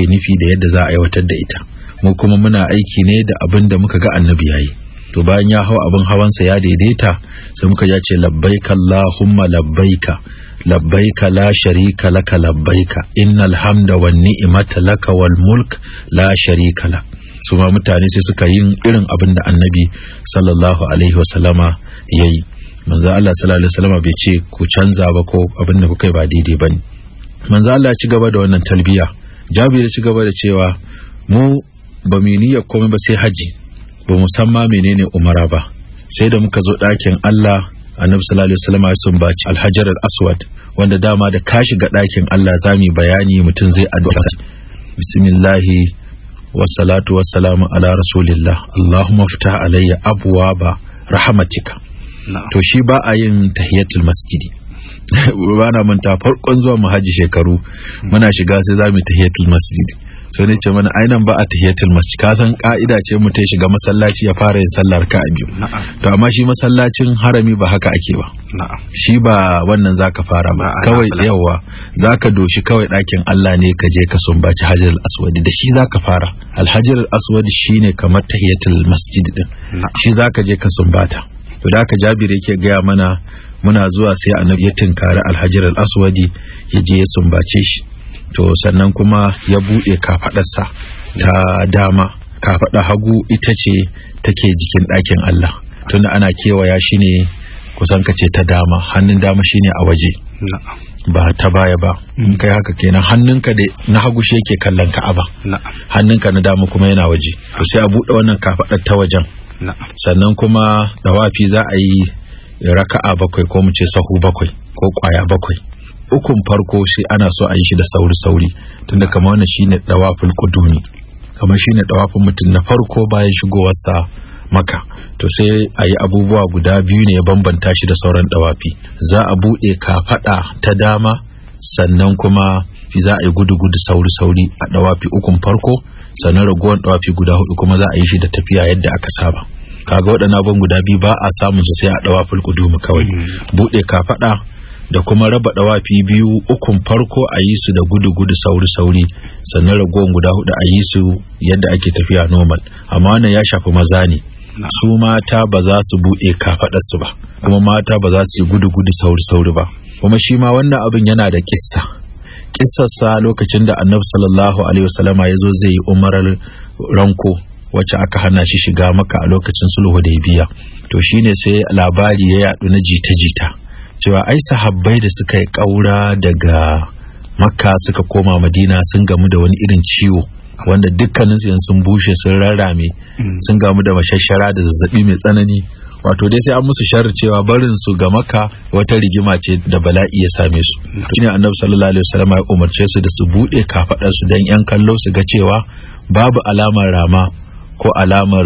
ake nufi da yadda za a aiwatar da ita mu kuma muna aiki ne da abin da muka ga annabi yayi to bayan ya hau abin hawansa ya daidaita sai muka ya ce labbaika allahumma labbaika labbaika la sharika laka labbaika innal hamda wan ni'mata laka wal mulk la sharika la su ma mutane sai suka yin irin abin da annabi sallallahu alaihi wa sallama yayi manzo Allah sallallahu alaihi wasallama bai ce ku canza ba ko abin da kuka yi ba daidai bane manzo Allah ya ci gaba da wannan talbiya jabir ci gaba da cewa mu ba mu niyyar komai ba sai haji ba mu san ma menene umara ba sai da muka zo ɗakin Allah annabi sallallahu alaihi wasallam ya baci. alhajar al-aswad wanda dama da ka shiga ɗakin Allah zami bayani mutum zai addu'a bismillahi wassalatu wassalamu ala rasulillah allahumma ftah alayya abwaaba rahmatika to shi ba a yin tahiyatul masjidi ba manta farkon zuwa mu haji shekaru muna shiga sai za mu tahiyatul masjid sai ne ce mana ainan ba a tahiyatul masjid ka san ka'ida ce mu ta shiga masallaci ya fara yin sallar ka biyu to amma shi masallacin harami ba haka ake ba shi ba wannan zaka fara ba kawai yawa zaka doshi kawai ɗakin Allah ne ka je ka sumbaci hajjar aswadi da shi zaka fara alhajjar aswad shine kamar tahiyatul masjid din shi zaka je ka sumbata to da ka jabir yake gaya mana muna zuwa sai annabi ya tinkari alhajar al-aswadi ya je ya sumbace shi to sannan kuma ya buɗe kafaɗarsa ta dama kafaɗa hagu ita ce take jikin ɗakin Allah tunda ana kewaya shi ne kusan kace ta dama hannun dama shine a waje ba ta baya ba in mm. kai haka kenan hannunka da na hagu shi yake kallon ka'aba hannunka na dama kuma yana waje to sai a buɗe wannan kafaɗar ta wajen sannan kuma dawafi za a yi raka'a bakwai ko mu ce sahu bakwai ko kwaya bakwai ukun farko sai ana so a yi shi da sauri sauri tunda kamar wannan shine dawaful kuduni kamar shine dawafin mutum na farko bayan sa maka to sai a yi abubuwa guda biyu ne ya bambanta shi da sauran dawafi za a buɗe kafaɗa ta dama sannan kuma za a yi gudu-gudu sauri-sauri a dawafi ukun farko sannan ragowar dawafi guda hudu kuma za a yi shi da tafiya yadda aka saba kaga waɗannan abubuwan guda biyu ba a samun su sai a dawaful qudum kawai mm. Buɗe kafaɗa da kuma raba ɗawafi biyu ukun farko a yi su da gudu-gudu sauri-sauri sannan ragowar guda hudu a yi su yadda ake tafiya normal amma wannan ya shafi maza ne su mata ba za su buɗe su ba kuma mata ba za su yi gudu-gudu sauri-sauri ba kuma shi ma wannan abin yana da kissa kissarsa lokacin da annabi sallallahu alaihi wasallama ya zo zai yi umarar ranko wacce aka hana shi shiga maka a lokacin sulhu da biya to shine sai labari ya yadu na jita-jita cewa ai sahabbai da suka yi kaura daga makka suka koma madina sun gamu da wani irin ciwo wanda dukkanin su sun bushe sun rarrame mm. sun gamu da mashashara da zazzabi mai tsanani wato dai sai an musu sharri cewa barin su ga maka wata rigima ce da bala'i ya same su mm. shine annabi sallallahu alaihi wasallam ya umarce su da su bude kafadar su dan yan kallo su ga cewa babu alamar rama ko alamar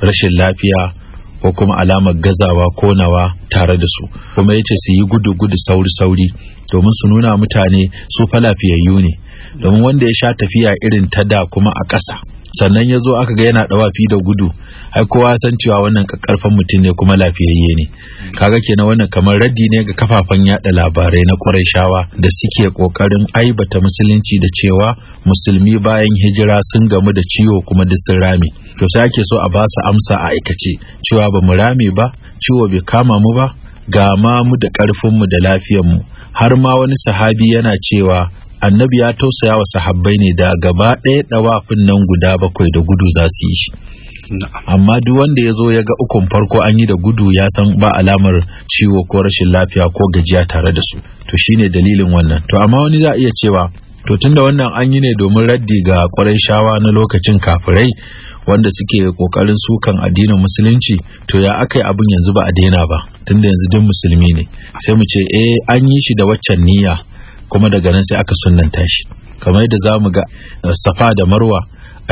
rashin lafiya ko kuma alamar gazawa ko nawa tare da su kuma yace su yi gudu gudu sauri sauri domin su nuna mutane su fa lafiyayyu ne domin wanda ya sha tafiya irin ta da kuma a ƙasa sannan ya zo aka ga yana da wafi da gudu ai kowa san cewa wannan karfan mutum ne kuma lafiyayye ne kaga kenan wannan kamar raddi ne ga kafafen yada labarai na Qurayshawa da suke kokarin aibata musulunci da cewa musulmi bayan hijira sun gamu da ciwo kuma duk sun rame to sai ake so a ba su amsa a aikace cewa ba mu rame ba ciwo bai kama mu ba ga ma mu da karfin mu da lafiyar mu har ma wani sahabi yana cewa annabi ya tausaya wa sahabbai ne da gaba ɗaya ɗawafin nan guda bakwai da gudu za su yi shi amma duk wanda ya zo ya ga ukun farko an yi da gudu ya san ba alamar ciwo ko rashin lafiya ko gajiya tare da su to shine dalilin wannan to amma wani za a iya cewa to tunda wannan an yi ne domin raddi ga kwarai shawa na lokacin kafirai wanda suke kokarin sukan addinin musulunci to ya aka yi abin yanzu ba a daina ba tunda yanzu duk musulmi ne sai mu ce eh an yi shi da waccan niyya kuma daga nan sai aka sunanta shi kamar yadda za mu ga uh, safa da marwa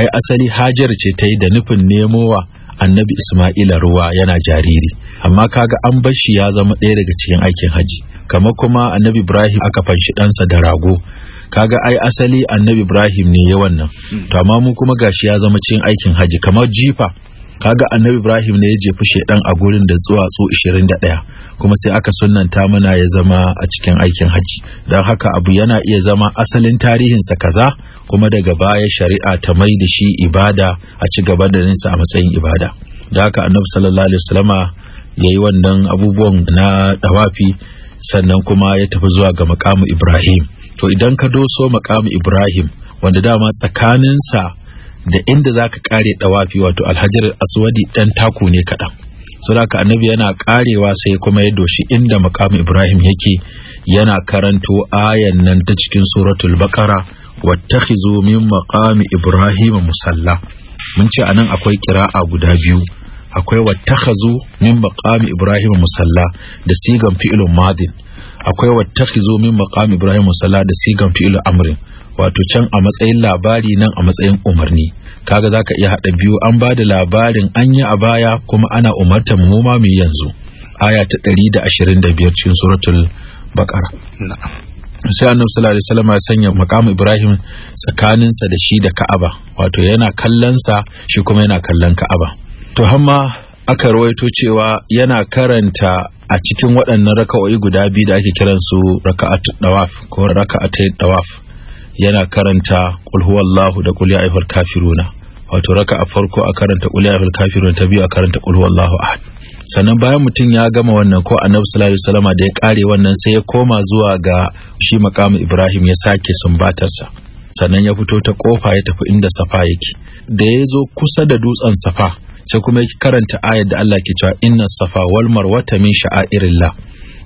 ai asali hajar ce ta yi da nufin nemowa annabi isma'ila ruwa yana jariri amma kaga an bar shi ya zama ɗaya daga cikin aikin haji kamar kuma annabi ibrahim aka fanshi ɗansa da rago kaga ai asali annabi ibrahim ne ya wannan hmm. to amma mu kuma gashi ya zama cikin aikin haji kamar jifa kaga annabi ibrahim ne ya jefi shaidan a gurin da zuwa tso 21 kuma sai aka sunnanta mana ya zama a cikin aikin hajji don haka abu yana iya zama asalin tarihinsa kaza kuma daga baya shari'a ta mai da shi ibada a ci gaba da ninsa a matsayin ibada da haka annabi sallallahu alaihi wasallama ya yi wannan abubuwan na dawafi sannan kuma ya tafi zuwa ga makamu ibrahim to idan ka doso makamu ibrahim wanda dama tsakaninsa da inda za ka kare dawafi wato alhajar aswadi dan taku ne kaɗan saboda annabi yana karewa sai kuma ya doshi inda makamu ibrahim yake yana karanto ayan nan ta cikin suratul baqara wattakhizu min maqami ibrahim musalla mun ce anan akwai kira'a guda biyu akwai wattakhizu min maqami ibrahim musalla da sigan fi'ilun madin akwai wattakhizu min maqami ibrahim musalla da sigan fi'ilun amrin wato can a matsayin labari nan a matsayin umarni kaga zaka iya haɗa biyu an ba da labarin an yi a baya kuma ana umartar mu ma mu yanzu aya ta 125 cikin suratul baqara sai annabi sallallahu alaihi wasallam ya sanya makamu ibrahim tsakaninsa da shi da ka'aba wato yana kallon sa shi kuma yana kallon ka'aba to hamma aka rawaito cewa yana karanta a cikin waɗannan raka'o'i guda biyu da ake kiransu raka'at dawaf ko raka'atai dawaf yana karanta kul huwallahu da kul ya ayyuhal kafiruna wato raka a farko a karanta kul ya ayyuhal kafiruna ta biyu a karanta kul huwallahu ahad sannan bayan mutum ya gama wannan ko annabi sallallahu alaihi wasallama da ya kare wannan sai ya koma zuwa ga shi makamu ibrahim ya sake sumbatarsa sannan ya fito ta kofa ya tafi inda safa yake da ya zo kusa da dutsen safa sai kuma ya karanta ayar da Allah ke cewa inna safa wal marwata min sha'airillah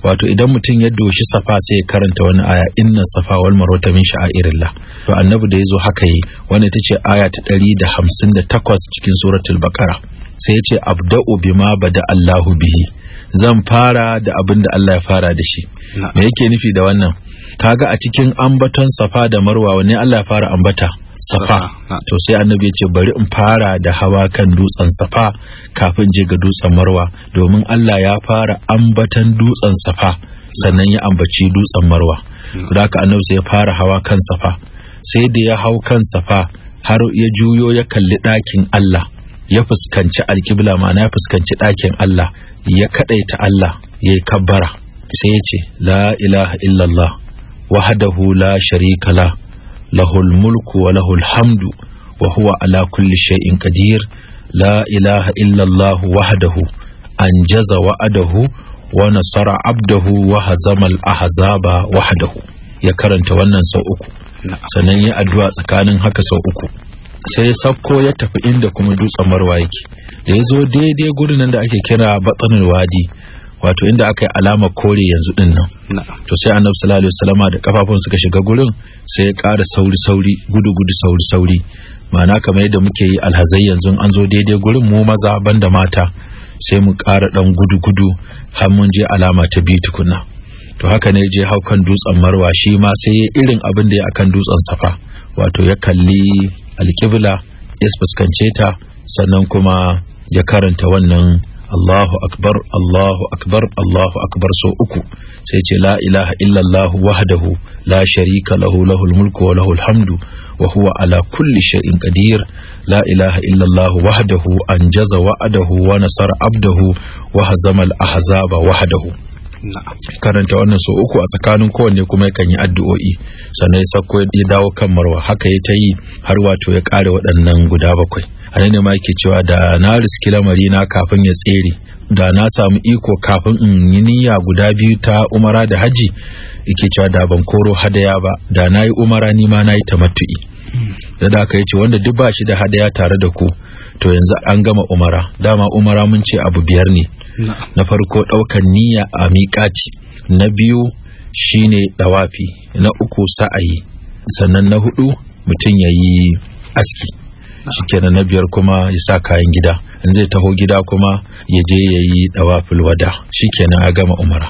wato idan mutum ya doshi safa sai ya karanta wani aya inna safa wal marwata min sha'airillah to annabi da yazo haka yi wannan tace aya ta 158 cikin suratul baqara sai ya ce abda'u bima bada Allahu bihi zan fara da abin da Allah ya fara da shi me yake nufi da wannan kaga a cikin ambaton safa da marwa ne Allah ya fara ambata safa to sai annabi ya ce bari in fara da hawa kan dutsen safa kafin je ga dutsen marwa domin Allah ya fara ambatan dutsen safa sannan ya ambaci dutsen marwa hmm. da haka annabi sai ya fara hawa kan safa sai da ya hau kan safa har ya juyo ya kalli ɗakin Allah ya fuskanci alkibla ma'ana ya fuskanci ɗakin Allah ya kaɗaita Allah ya yi kabbara sai ya ce la ilaha illallah wahdahu la sharika la lahul mulku wa lahul hamdu wa ala kulli shay'in qadir la ilaha illa Allah wahdahu anjaza wa'adahu wa nasara abdahu wa hazama al-ahzaba wahdahu ya karanta wannan sau uku sannan ya addu'a tsakanin haka sau uku sai safko ya tafi inda kuma dutsen marwa yake da ya zo daidai gurin da ake kira batsanin wadi wato inda aka yi alama kore yanzu din nan to sai annabi sallallahu alaihi wasallama da kafafun suka shiga gurin sai ya ƙara sauri sauri gudu gudu sauri sauri ma'ana kamar yadda muke yi alhazai yanzu an zo daidai gurin mu maza banda mata sai mu ƙara ɗan gudu gudu har mun je alama ta biyu tukunna to haka ne je hau kan dutsen marwa shi ma sai ya irin abin da ya akan dutsen safa wato ya kalli alkibla ya fuskance ta sannan kuma ya karanta wannan Allahu akbar Allahu akbar Allahu akbar sau uku sai ce la ilaha illallah wahdahu la sharika lahu lahul mulku wa lahul hamdu wa huwa ala kulli shay'in qadir la ilaha illallah wahdahu anjaza wa'adahu wa nasara abdahu wa hazama al ahzaba wahdahu karanta wannan so uku a tsakanin kowanne kuma yakan yi addu'o'i sannan ya sako ya dawo kan marwa haka ya ta yi har wato ya kare waɗannan guda bakwai a ne ma yake cewa da na riski lamari na kafin ya tsere da na samu iko kafin in yi niyya guda biyu ta umara da haji yake cewa da ban koro hadaya ba da na yi umara ni ma na yi tamattu'i da da aka ce wanda duk ba shi da hadaya tare da ku to yanzu an gama umara dama umara mun ce abu biyar ne na farko ɗaukan niyya a miƙaci na biyu shine ɗawafi na uku sa'ayi sannan na hudu mutum ya yi aski shikenan na biyar kuma ya sa kayan gida in zai taho gida kuma ya je ya yi dawafil wada shikenan a gama umara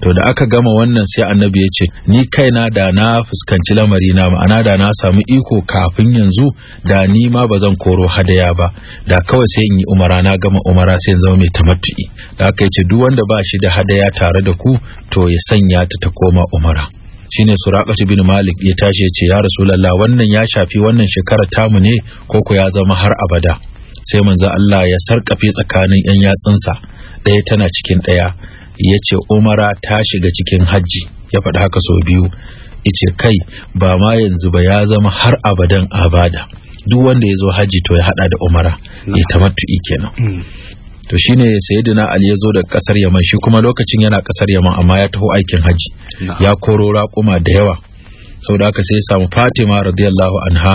to da aka gama wannan sai annabi ya ce ni kaina da na fuskanci lamari na ma'ana da na samu iko kafin yanzu da ni ma ba zan koro hadaya ba da kawai sai in yi umara na gama umara sai zama mai tamattu'i da aka ce duk wanda ba shi da hadaya tare da ku to ya sanya ta ta koma umara shine surakatu bin malik ya tashi ya ce ya rasulullah wannan ya shafi wannan shekara tamu ne ko ko ya zama har abada sai manzo Allah ya sarkafe tsakanin yan yatsunsa ɗaya tana cikin ɗaya ya ce umara ta shiga cikin hajji ya faɗi haka sau biyu ice kai ba ma yanzu ba ya zama har abadan abada duk wanda ya zo hajji to ya hada da umara ya tamattu'i kenan hmm. to shine sayyidina ali ya zo da kasar yaman shi kuma lokacin yana kasar yaman amma ya taho aikin haji ya koro raƙuma da yawa saboda haka sai ya samu fatima radiyallahu anha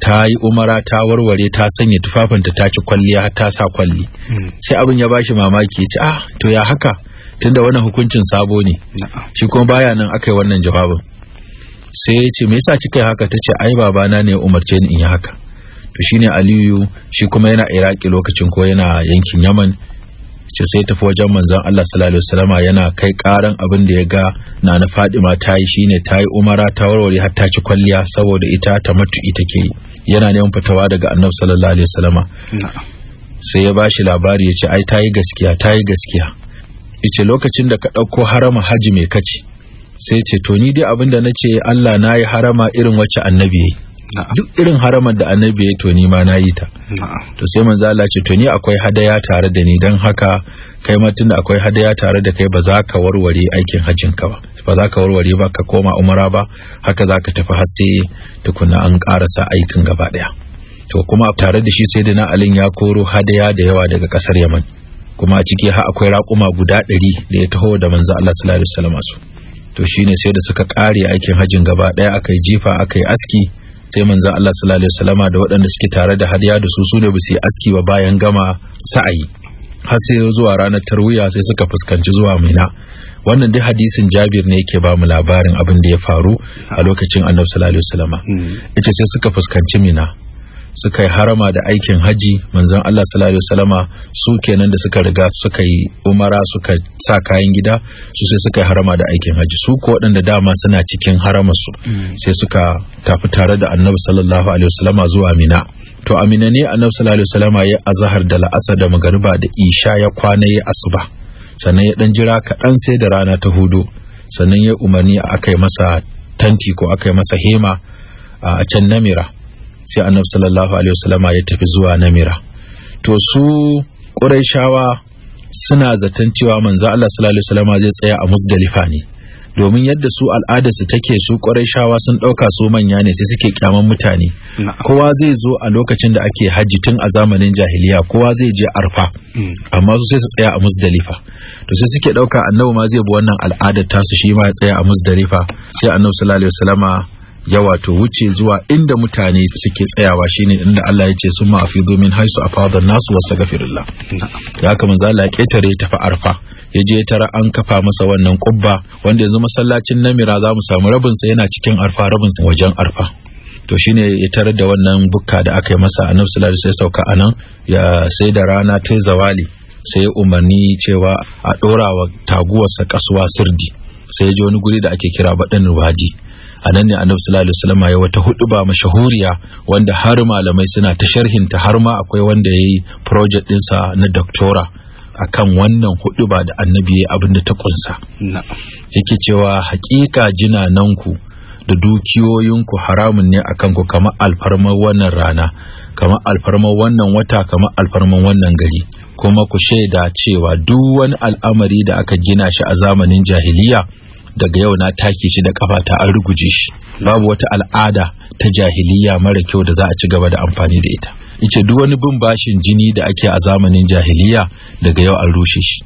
ta yi umara ta warware ta sanya tufafinta ta ci kwalliya ta sa kwalli hmm. sai abin ya bashi mamaki ya ce ah to ya haka tunda wannan hukuncin sabo ne shi kuma baya nan aka yi wannan jawabin sai ya ce me yasa kika yi haka ce? ai babana ne umarce ni in yi haka to shine aliyu shi kuma yana iraki lokacin ko yana yankin yaman ce sai tafi wajen manzon Allah sallallahu alaihi wasallama yana kai karan abin da ya ga na na Fadima ta yi shine ta yi umara ta warware har ta ci kwalliya saboda ita ta matu'i ita ke yana neman fitawa daga Annabi sallallahu alaihi wasallama sai ya bashi labari ya ce ai ta yi gaskiya ta yi gaskiya yace lokacin da ka ɗauko harama haji mai kaci sai ce to ni dai abin da na ce Allah na yi harama irin wacce annabi ya duk irin haramar da annabi ya toni ma na yi ta to sai manzo Allah ce toni akwai hadaya tare da ni dan haka kai ma tunda akwai hadaya tare da kai ba za ka warware aikin hajjin ka ba ba za ka warware ba ka koma umara ba haka za ka tafi har sai tukunna an karasa aikin gaba daya to kuma tare da shi sai na alin ya koro hadaya da yawa daga kasar yaman kuma a ciki har akwai raƙuma guda ɗari da ya taho da manzo Allah sallallahu alaihi wasallam to shine sai da suka ƙare aikin hajjin gaba ɗaya aka yi jifa aka yi aski sai manzo Allah sallallahu alaihi wasallama da waɗanda suke tare da hadiya da su su ne bisi aski ba bayan gama sa'ayi har sai zuwa ranar tarwiya sai suka fuskanci zuwa mina wannan duk hadisin jabir ne yake ba mu labarin abin da ya faru a lokacin annabi sallallahu alaihi wasallama ita hmm. sai suka fuskanci mina suka yi harama da aikin haji manzon Allah sallallahu alaihi wasallama su kenan da suka riga suka yi umara suka sa kayan gida su sai suka yi harama da aikin haji su ko waɗanda dama suna cikin haramar su mm. sai suka tafi tare da annabi sallallahu alaihi wasallama zuwa mina to amina ne annabi sallallahu alaihi wasallama ya azhar da la'asar da magariba da isha ya kwana ya asuba sannan ya dan jira kaɗan sai da rana ta hudu sannan ya umarni aka yi masa tanti ko aka yi masa hema a can namira sai annabi sallallahu alaihi wasallama ya tafi zuwa namira to su ƙurayshawa suna zaton cewa manzo Allah sallallahu alaihi wasallama zai tsaya a musdalifa ne domin yadda su al'ada al'adarsu take su ƙwarai sun ɗauka su manya ne sai suke kyaman mutane kowa zai zo a lokacin da ake haji tun a zamanin jahiliya kowa zai je arfa mm. amma su sai su tsaya a musdalifa to sai suke ɗauka annabi ma zai bi wannan al'adar tasu shi ma ya tsaya a musdalifa sai annabi sallallahu alaihi wasallama ya wato wuce zuwa inda mutane suke tsayawa shine inda Allah ya ce sun ma afidu zumin haisu fadar nasu wasa gafirullah ya kama manzo Allah ya ketare tafi arfa ya je tara an kafa masa wannan kubba wanda ya yanzu masallacin namira za mu samu rabinsa, yana cikin arfa rabinsa wajen arfa to shine ya tarar da wannan bukka da aka yi masa a sallallahu alaihi sai sauka anan ya sai da rana ta zawali sai ya umarni cewa a dorawa taguwarsa kasuwa sirdi sai ya je wani guri da ake kira baɗin waji a nan ne annabi sallallahu alaihi wasallam ya wata huduba mashahuriya wanda har malamai suna ta sharhin ta har ma akwai wanda yayi project ɗinsa na doctora akan wannan huduba da annabi yayi abinda ta kunsa yake cewa hakika ku da dukiyoyinku haramun ne akan ku kama alfarmar wannan rana kama alfarmar wannan wata kama alfarmar wannan gari kuma ku shaida cewa duk wani al'amari da aka gina shi a zamanin jahiliya daga yau na take shi da kafata an ruguje shi babu wata al'ada ta jahiliya mara kyau da za a ci gaba da amfani da ita yace duk wani bin bashin jini da ake a zamanin jahiliya daga yau an rushe shi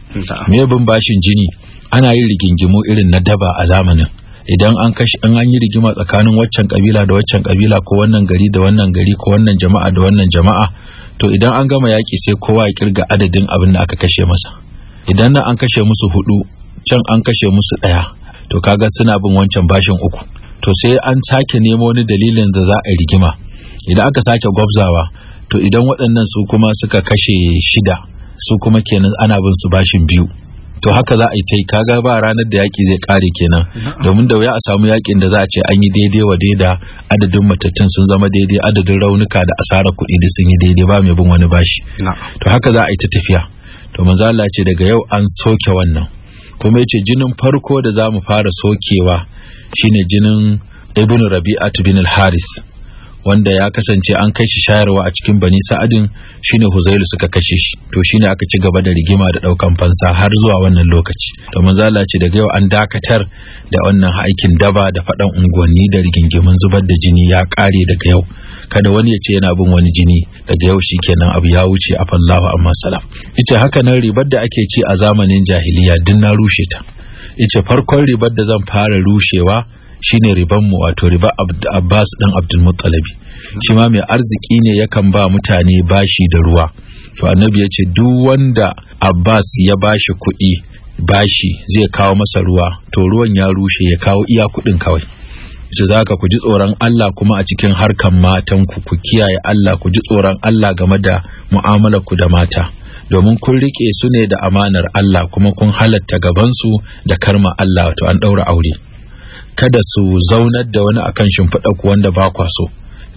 me bin bashin jini ana yin rigingimu irin na daba a zamanin idan an kashi an an yi rigima tsakanin waccan kabila da waccan kabila ko wannan gari da wannan gari ko wannan jama'a da wannan jama'a to idan an gama yaki sai kowa ya kirga adadin abin da aka kashe masa idan nan an kashe musu hudu can an kashe musu daya to kaga suna bin wancan bashin uku to sai an sake nemo wani dalilin da za a rigima idan aka sake gwabzawa to idan waɗannan su kuma suka kashe shida su kuma kenan ana bin su bashin biyu to haka za a yi ta kaga ba ranar da yaƙi zai ƙare kenan domin da wuya a samu yaƙin da za a ce an yi daidai wa daida adadin matattun sun zama daidai adadin raunuka da asarar kuɗi da sun yi daidai ba mai bin wani bashi to haka za a yi ta tafiya to manzo Allah ce daga yau an soke wannan kuma yace jinin farko da za mu fara sokewa shine jinin ibn rabi'atu bin al-haris wanda ya kasance an kai shi shayarwa a cikin bani sa'adin shine huzailu suka kashe shi to shine aka ci gaba da rigima da daukan fansa har zuwa wannan lokaci to manzala ce daga yau an dakatar da wannan aikin daba da faɗan unguwanni da rigingimin zubar da jini ya ƙare daga yau kada wani ya ce yana bin wani jini daga yau shi kenan abu ya wuce a fallahu amma salam Ita haka nan ribar da ake ci a zamanin jahiliya din na rushe ta Ita farkon ribar da zan fara rushewa shine riban mu wato riba Abbas dan Abdul Muttalibi shi ma mai arziki ne yakan ba mutane bashi da ruwa to annabi ya ce duk wanda Abbas ya bashi kuɗi bashi zai kawo masa ruwa to ruwan ya rushe ya kawo iya kuɗin kawai yace za ku ji tsoron Allah kuma a cikin harkan matan ku ku kiyaye Allah ku ji tsoron Allah game da mu'amalar ku da mata domin kun rike su ne da amanar Allah kuma kun halatta gaban su da karma Allah to an daura aure kada su zaunar da wani akan shimfiɗa ku wanda ba kwa so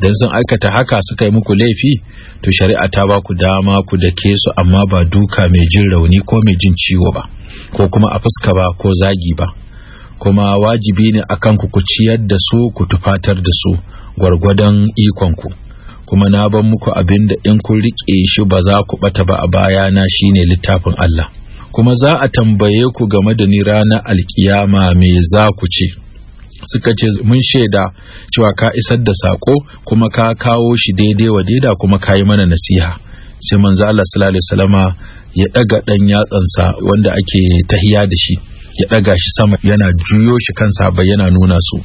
dan sun aikata haka suka yi muku laifi to shari'a ta ba ku dama ku da ke su amma ba duka mai jin rauni ko mai jin ciwo ba ko kuma a fuska ba ko zagi ba kuma wajibi ne a ku ku ciyar da su ku tufatar da su gwargwadon ikonku kuma na ban muku abin da in kun riƙe shi ba za ku ɓata ba a baya na shine littafin Allah kuma za a tambaye ku game da ni ranar alkiyama me za ku ce suka ce mun shaida cewa ka isar da saƙo kuma ka kawo shi daidai wa daida kuma ka yi mana nasiha sai manzo Allah sallallahu alaihi wasallama ya ɗaga ɗan yatsansa wanda ake tahiya da shi ya ɗaga shi sama yana juyo shi kan sahabbai yana nuna su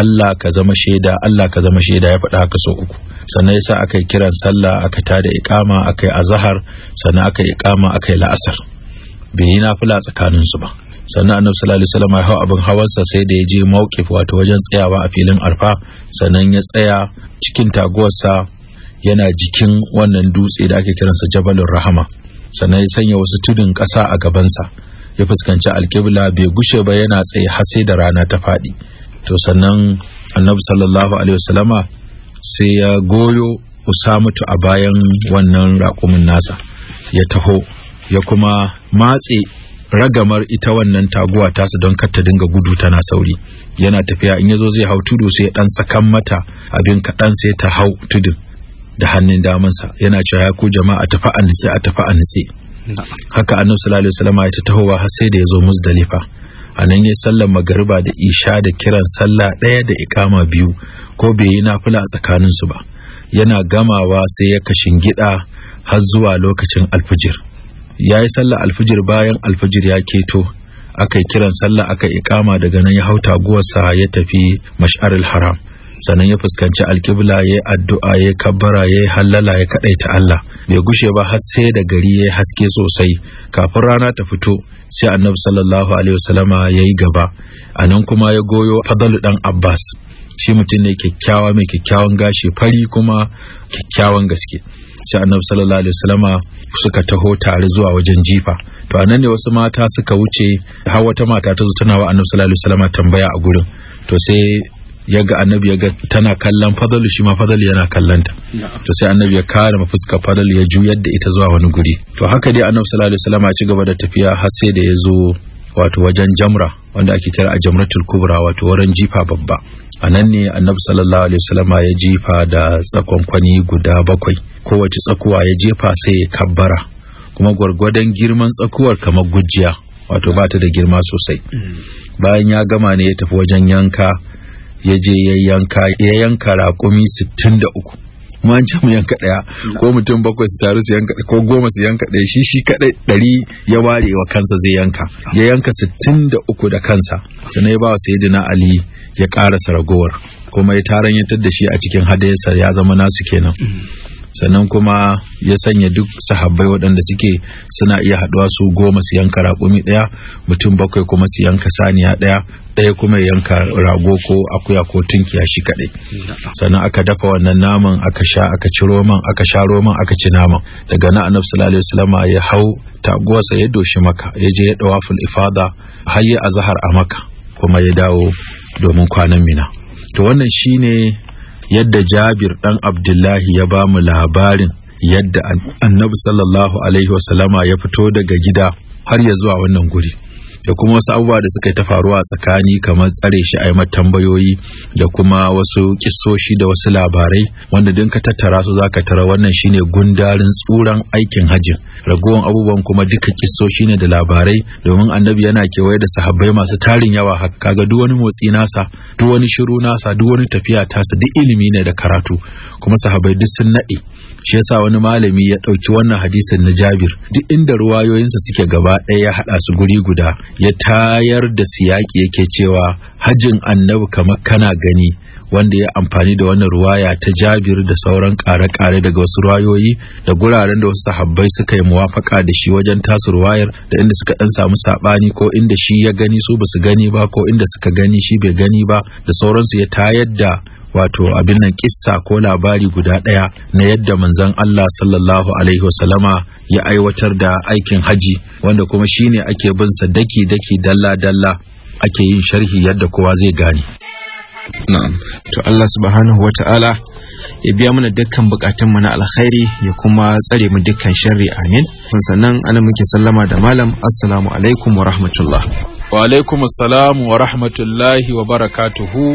Allah ka zama shaida Allah ka zama shaida ya faɗa haka so uku sannan yasa aka yi kiran sallah aka tada iqama aka yi azhar sannan aka yi iqama aka yi la'asar bai yi nafila tsakanin su ba sannan annabi sallallahu alaihi wasallam ya hawa abin hawarsa sai da ya je mawqif wato wajen tsayawa a filin arfa sannan ya tsaya cikin taguwarsa yana jikin wannan dutse da ake kiransa Jabalur rahama sannan ya sanya wasu tudun ƙasa a gabansa ya fuskanci alkibla bai gushe ba yana tsaye har sai da rana ta faɗi to sannan annabi sallallahu alaihi wasallama sai ya goyo usamatu a bayan wannan raƙumin nasa ya taho ya kuma matse ragamar ita wannan taguwa tasa don kar ta dinga gudu tana sauri yana tafiya in yazo zai hau tudu sai dan sakan mata abin kaɗan sai ta hau tudun da hannun damansa yana cewa ya ku jama'a tafi a nitse a tafi a nitse haka annabi sallallahu alaihi wasallam ya tahowa har sai da ya zo muzdalifa a nan ya sallar magariba da isha da kiran sallah ɗaya da ikama biyu ko bai yi nafila a su ba yana gamawa sai ya kashin gida har zuwa lokacin alfijir yayi sallar alfijir bayan alfijir ya keto akai kiran sallah aka ikama daga nan ya hau taguwarsa ya tafi mash'aril haram sannan ya fuskanci alkibla ya yi addu'a ya kabbara ya yi hallala ya kaɗaita Allah bai gushe ba har sai da gari ya yi haske sosai kafin rana ta fito sai annabi sallallahu alaihi wasallama ya yi gaba a nan kuma ya goyo fadalu dan abbas shi mutum ne kyakkyawa mai kyakkyawan gashi fari kuma kyakkyawan gaske sai annabi sallallahu alaihi wasallama suka taho tare zuwa wajen jifa to a nan ne wasu mata suka wuce har wata mata ta zo tana wa annabi sallallahu alaihi wasallama tambaya a gurin to sai ya ga annabi ya ga tana kallon fadalu shi ma fadalu yana kallon ta to sai annabi ya kare fuska fadalu ya juyar da ita zuwa wani guri to haka dai annabi sallallahu alaihi wasallam ya ci gaba da tafiya har sai da ya zo wato wajen jamra wanda ake kira a jamratul kubra wato wurin jifa babba a nan ne annabi sallallahu alaihi wasallam ya jifa da tsakonkwani guda bakwai kowace tsakuwa ya jefa sai ya kabbara kuma gwargwadon girman tsakuwar kamar gujiya wato bata da girma sosai mm. bayan ya gama ne ya tafi wajen yanka ya je ya yanka rakumi raƙumi 63 mu an ce mu yanka daya ko mutum bakwai su taru su yanka ko goma su yanka daya shi shi kadai dari ya ware wa kansa zai yanka ya yanka 63 da kansa sannan ya ba wa sayyidina ali ya karasa ragowar kuma ya taranyatar da shi a cikin hadayarsa ya zama nasu kenan sannan kuma ya sanya duk sahabbai waɗanda suke suna iya haɗuwa su goma su yanka raƙumi ɗaya mutum bakwai kuma su yanka saniya ɗaya ɗaya kuma ya yanka rago ko akuya ko tunkiya shi kaɗai sannan aka dafa wannan naman aka sha aka ci roman aka sha roman aka ci naman daga na annabi sallallahu alaihi ya hau taguwarsa ya doshi maka ya je ya dawaful ifada har ya azhar a maka kuma ya dawo domin kwanan mina to wannan shine yadda jabir ɗan abdullahi ya ba mu labarin yadda annabi sallallahu alaihi wasallama ya fito daga gida har ya zuwa wannan guri da kuma wasu abubuwa da suka yi ta faruwa tsakani kamar tsare shi a tambayoyi da kuma wasu kisoshi da wasu labarai wanda din ka tattara su zaka tara wannan shine gundarin tsuran aikin hajjin ragowan abubuwan kuma duka kisoshi ne da labarai domin annabi yana kewaye da sahabbai masu tarin yawa kaga duk wani motsi nasa duk wani shiru nasa duk wani tafiya tasa duk ilimi ne da karatu kuma sahabbai duk sun nade shi yasa wani malami ya ɗauki wannan hadisin na jabir duk inda ruwayoyinsa suke gaba ɗaya ya haɗa su guri guda ya tayar da siyaki yake cewa hajjin annabi kamar kana gani wanda ya amfani da wannan ruwaya ta jabir da sauran ƙare-ƙare daga wasu ruwayoyi da guraren da wasu sahabbai suka yi muwafaka da shi wajen tasu ruwayar da inda suka ɗan samu saɓani, ko inda shi ya gani su basu gani ba ko inda suka gani shi bai gani ba da sauransu ya tayar da wato abin nan kissa ko labari guda ɗaya na yadda manzon Allah sallallahu alaihi wasallama ya aiwatar da aikin haji wanda kuma shine ake bin sa daki daki dalla dalla ake yin sharhi yadda kowa zai gane na'am to Allah subhanahu wata'ala ya biya mana dukkan bukatun mu na alkhairi ya kuma tsare mu dukkan sharri amin sannan ana muke sallama da malam assalamu alaikum wa rahmatullah wa alaikum wa rahmatullahi wa barakatuhu